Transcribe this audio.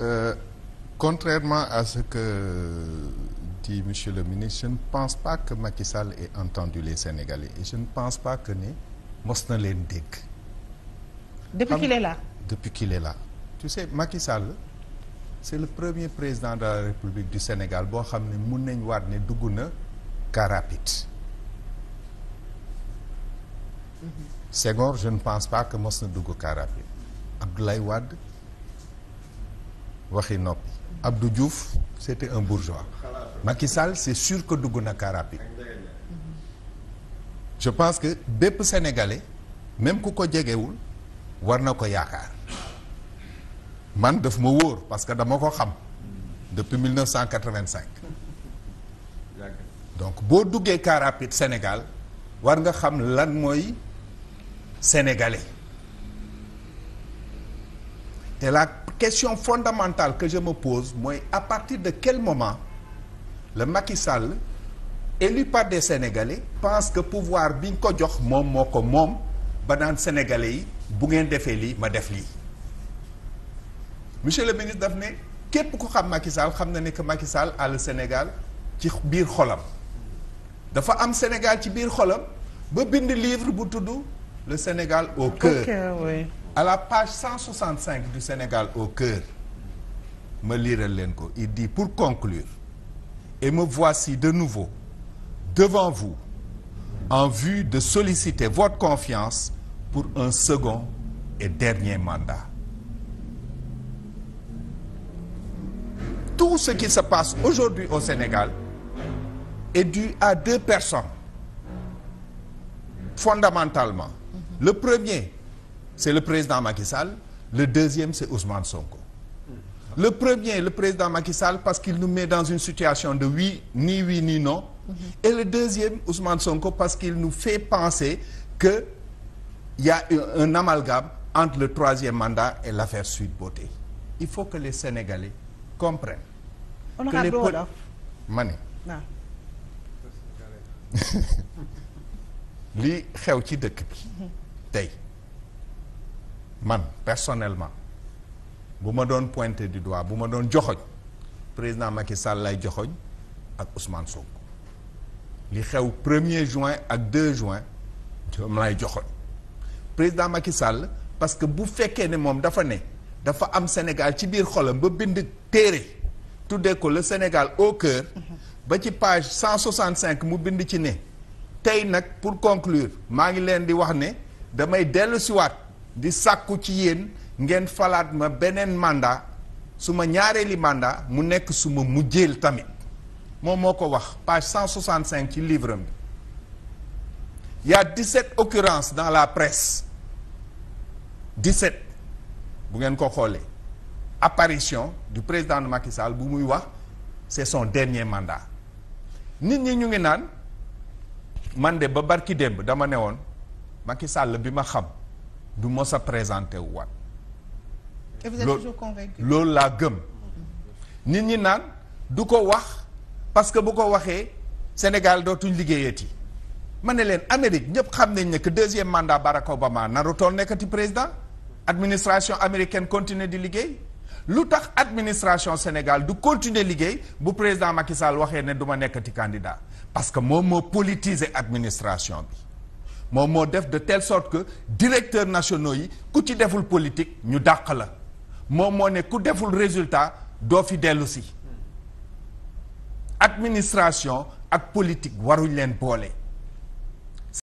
Euh, contrairement à ce que dit monsieur le ministre je ne pense pas que Macky Sall ait entendu les Sénégalais et je ne pense pas que ni mos na leen dégg. depuis qu'il est là depuis qu'il tu sais Macky Sall c'est le premier président de la République du Sénégal boo xam ne mun nañ waat ne dugg na car rapide. Mhm. Senghor je ne pense pas que mos na dugg car rapide Abdoulaye Wade. waxi nopp Abdou Diouf c'était un bourgeois Macky Sall c'est sur que dugg na car rapide je pense que bépp sénégalais même ku ko jegewul war na ko yaakaar man daf ma wóor parce que dama ko xam depuis 1985 donc boo duggee car rapide Sénégal war nga xam lan mooy sénégalais. Et la question fondamentale que je me pose mooy à partir de quel moment le Macky Sall élu par des Sénégalais pense que pouvoir bi ñu ko jox moom moo ko moom ba naan Sénégalais yi bu ngeen defee lii ma def lii monsieur le ministre daf ne képp ku xam Macky Sall xam na ne que Macky Sall a le Sénégal ci biir xolam dafa am Sénégal ci biir xolam ba bind livre bu tudd le Sénégal au cœur. à la page 165 du Sénégal au cœur ma liiral leen ko il dit pour conclure et me voici de nouveau devant vous en vue de solliciter votre confiance pour un second et dernier mandat tout ce qui se passe aujourd'hui au Sénégal est dû à deux personnes fondamentalement le premier c'est le président Macky Sall le deuxième c'est Ousmane Sonko le premier le président Macky Sall parce qu'il nous met dans une situation de oui ni oui ni non et le deuxième Ousmane Sonko parce qu'il nous fait penser que il a un amalgame entre le troisième mandat et l'affaire Sweet Beauté il faut que les Sénégalais comprennent que les ah. xew ci dëkk bi mhm. man personnellement bu ma doon pointer du doigt bu ma doon joxoñ président Macky Sall lay joxoñ ak Ousmane Sonko li xew premier juin ak 2 juin moom lay joxoñ président Macky Sall parce que bu fekkee ne moom dafa ne dafa am Sénégal ci biir xolam ba bind téere tuddee ko la Sénégal au cœur ba ci page 165 mu bind ci ne tey nag pour conclure maa ngi leen di wax ne damay dellu siwaat di sàkku ci yéen ngeen falaat ma beneen mandat su ma ñaareeli mandat mu nekk suma ma jéel tamit moom moo ko wax page 165 ci livre bi il y a 17 dans la presse 17 bu ngeen ko xoolee apparition du président de Macky Sall bu muy wax c'est son dernier mandat nit ñi ñu ngi naan man de ba barki démb dama ne woon Macky Sall bi ma xam. du mos a présenté wu waat. loolu laa gëm. nit ñi naan du ko wax parce que bu ko waxee Sénégal dootuñ liggéeyati. ma ne leen Amérique ñëpp xam nañ ne que deuxième mandat Barack Obama naru tool nekkati président administration américaine continue di liggéey lu tax administration Sénégal du continuer liggéey bu président Macky Sall waxee ne du ma nekkati candidat parce que moom moo politiser administration bi. moom moo def de telle sort que directeur nationaux yi ku ci deful politique ñu dàq la moom moo ne ku deful résultat doo fi dellu si administration ak politique waruñ leen boole.